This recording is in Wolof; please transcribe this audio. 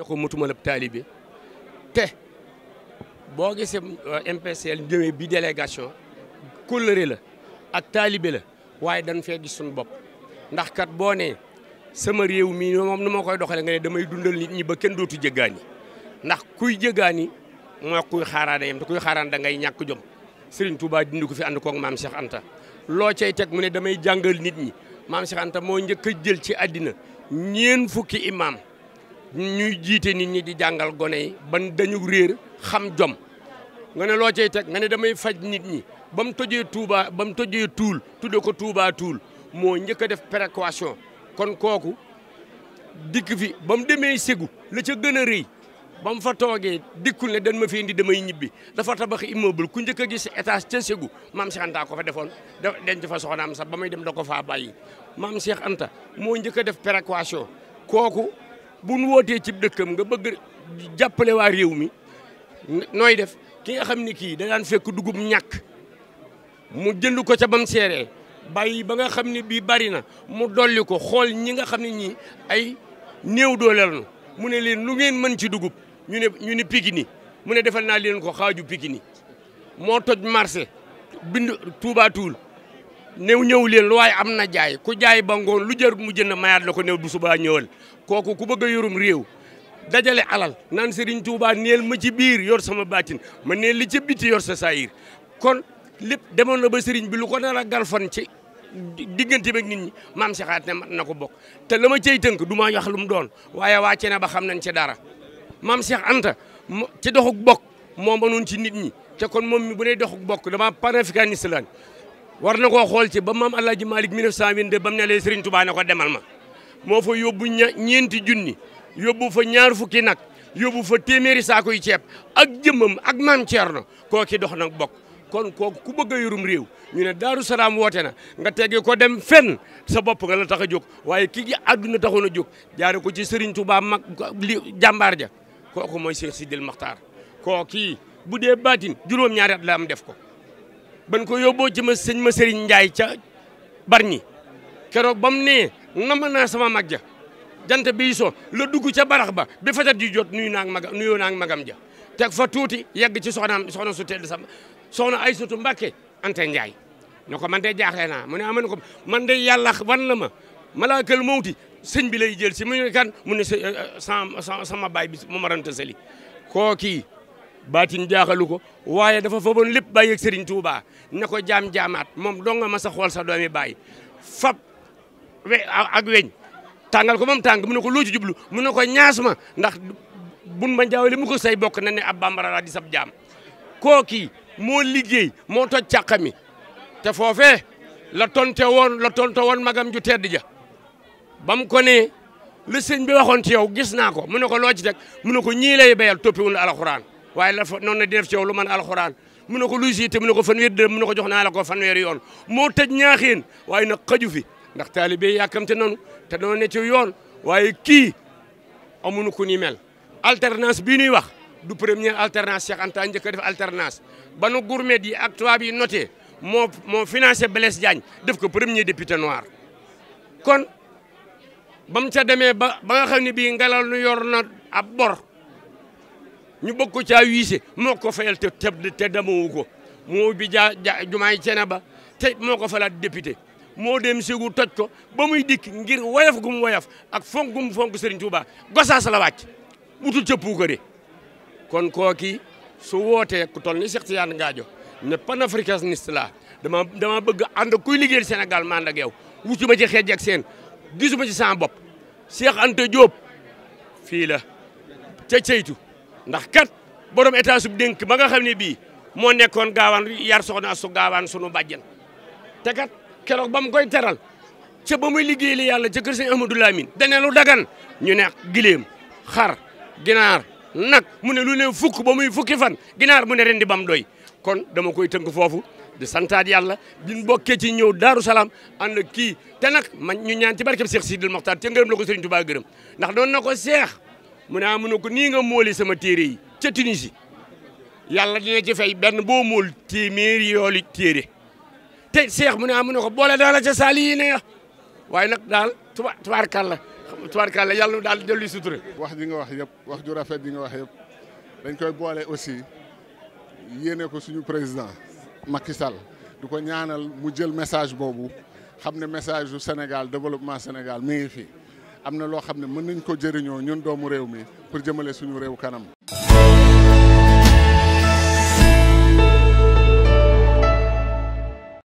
ne ko motuma la taalibe te boo gisee euh, MPCL ñëwee bi délégation kóllëre la ak taalibe la waaye dañ fee gis suñu bopp ndax kat boo nee sama réew mi moom nu moo koy doxalee nga ne damay dundal nit ñi ba kenn dootu jéggaani ndax kuy jéggaani mooy kuy xaaraan yem te kuy xaaraan da ngay ñàkk jom Serigne Touba dindi ko fi ànd koog maam Cheikh Anta loo cay teg mu ne damay jàngal nit ñi maam Cheikh Anta moo njëkk a jël ci àddina ñeen fukki imaam ñuy jiite nit ñi di jàngal gone yi ban dañu réer xam jom nga ne loo cay teg nga ne damay faj nit ñi ba mu tojee ba mu tojee Tuul tudde ko Touba Tuul moo njëkk a def précaution kon kooku dikk fi ba mu demee Ségou la ca gën a ba mu fa toogee dikkul ne dan ma fi indi damay ñibbi dafa tabax i immeuble ku njëkk a gis étage ca segu maam Cheikh Anta ko fa defoon da denc fa soxnaam sax ba muy dem da ko faa bàyyi maam Cheikh Anta moo njëkk a def précaution kooku. bu nu wootee cib dëkkam nga bëgg jàppale waa réew mi nooy def ki nga xam ni kii da daan fekk dugub ñàkk mu jënd ko ca bam seeree bàyyi ba nga xam ne bii bari na mu dolli ko xool ñi nga xam ne ñii ay néew dooleel nu mu ne leen lu ngeen mën ci dugub ñu ne ñu ne Pikini mu ne defal naa leen ko xaaju Pikini moo toj marché bind Touba néew ñëw leen lu waaye am na jaay ku jaay ba ngoon lu jarut mu jënd mayaat la ko néew du subaa ñëwal kooku ku bëgg a yorum réew dajale alal naan Serigne Touba neel ma ci biir yor sama baatin ma neel li ci biti yor sa saayir kon lépp demoon na ba Serigne bi lu ko nar a galfan ci diggante beeg nit ñi maam Cheikh Anta na ko bokk te la ma cey tënk du ma wax lu mu doon waaye wàcce na ba xam nañ ci dara maam Cheikh Anta ci doxuk moom moo mënoon ci nit ñi te kon moom mi bu dee doxuk bokk dama panafricaniste lan war na koo xool ci ba maam Alaaji Malick 1922 de mu ne lee Serigne Touba ne ko demal ma moo fa yóbbu ña ñeenti junni yóbbu fa ñaar fukki nag yóbbu fa téeméeri saako yi ceeb ak jëmmam ak maam Thierno koo ki dox nag bokk kon kooku ku bëgg a yorum réew ñu ne Daaru Salaam woote na nga tegge ko dem fenn sa bopp nga la tax a jóg waaye ki àdduna taxoon a jóg jaare ko ci Serigne Touba mag li jàmbaar ja kooku mooy Cheikh Sidil Makhtar koo kii bu dee baatin juróom-ñaari at def ko ban ko yóbboo ci ma sëñ ma sëriñ Njaay ca Bargny keroog ba mu nee ma naa sama mag ja jant bi so la dugg ca barax ba bi fajar di jot nuyu naa maga nuyoo naa magam ja teg fa tuuti yegg ci soxnaam soxna su tedd sama soxna Aysatu Mbàkke Anta Njaay ne ko man de jaakee naa mu ne aman ah, ko man de yàlla wan la ma malaakal mawti sëñ bi lay jël si mu ne kan mu ne eh, eh, sama sama baay bi mu maranta seli koo kii baatin jaaxalu ko waaye dafa faboon lépp bàyyi ak Serigne Touba ne ko jaam jaamaat moom dong nga mas a xool sa doomi bàyyi fab we ak weñ tàngal ko moom tàng mu ne ko loo ci jublu mu ne ko ñaas ma ndax bun ma jaawale mu ko say bokk na ne ab bambara laa di sab jaam kooki moo liggéey moo toj càq mi te foofee la tonte woon la tonto woon magam ju di ja ba mu ko ne la sëñ bi waxoon ci gis naa ko mu ne ko loo ci teg mu ne ko ñii lay béyal toppiwul alxuraan waaye la fo noonu la di def ci yow lu man alxuraan mu ne ko luy si te mu ne ko fanweeri dërëm mu ne ko jox naa la ko fanweeri yoon moo tëj ñaaxeen waaye nag xaju fi ndax taalibe yàkkamte nanu te doon ne ci yoon waaye kii amuñu ku ni mel alternance bii ñuy wax du première alternance Cheikh Anta njëkk a def alternance ba nu yi ak tubaab yi note moo moo financé Blaise Diagne def ko premier député noir kon ba ca demee ba ba nga xam ne bii ngelaw lu yor na ab bor ñu bëgg ko caa wiise moo ko fayal te te demoo ko moo bi jaa jaa jumaay cene ba te moo ko falaat député moo dem sigu toj ko ba muy dikk ngir woyof gum woyof ak fonk gum fonk Serigne Touba Gosaas la wàcc wutul ca puukare kon kooki su wootee ku toll ni Cheikh Tidiane Gadio ne panafricaniste la dama dama bëgg ànd kuy liggéeyal senegal ma ànd ak yow ma ci xeej ak seen gisuma ci sama bopp Cheikh Anta Diop fii la ca ceytu ndax kat borom état sub dénk ba nga xam ne bii moo nekkoon gaawaan yar soxna su gaawaan sunu bàjjen te kat keroog ba mu koy teral ca ba muy liggéeyal yàlla ca kër sëñ Amadou Lamine dane lu dagan ñu ne gileem xar ginaar nag mu ne lu ne fukk ba muy fukki fan ginaar mu ne rendi bam doy kon dama koy tënk foofu di santaat yàlla biñ bokkee ci ñëw daaru salaam ànd kii te nag man ñu ñaan ci barkeb Cheikh Sidil Mokhtar ca ngërëm la ko Serigne gërëm ndax doon mu ne ah mu ne ko nii nga móoli sama téere yi ca Tunisie yàlla dina ci fay benn boo móol téeméeri yooli téere te seex mu ne ah, mu ne ko boole daal ca saali yi waaye nag daal tuba tubaarkàlla tubaarkàlla yàlla nu daal dellu sutura wax di nga wax yëpp wax ju rafet di nga wax yëpp dañ koy boole aussi yéene ko suñu président Macky Sall du ko ñaanal mu jël message boobu xam ne message du Sénégal développement Sénégal mi ngi fii am na loo xam ne mën nañ ko jëriñoo ñun doomu réew mi pour jëmale suñu réew kanam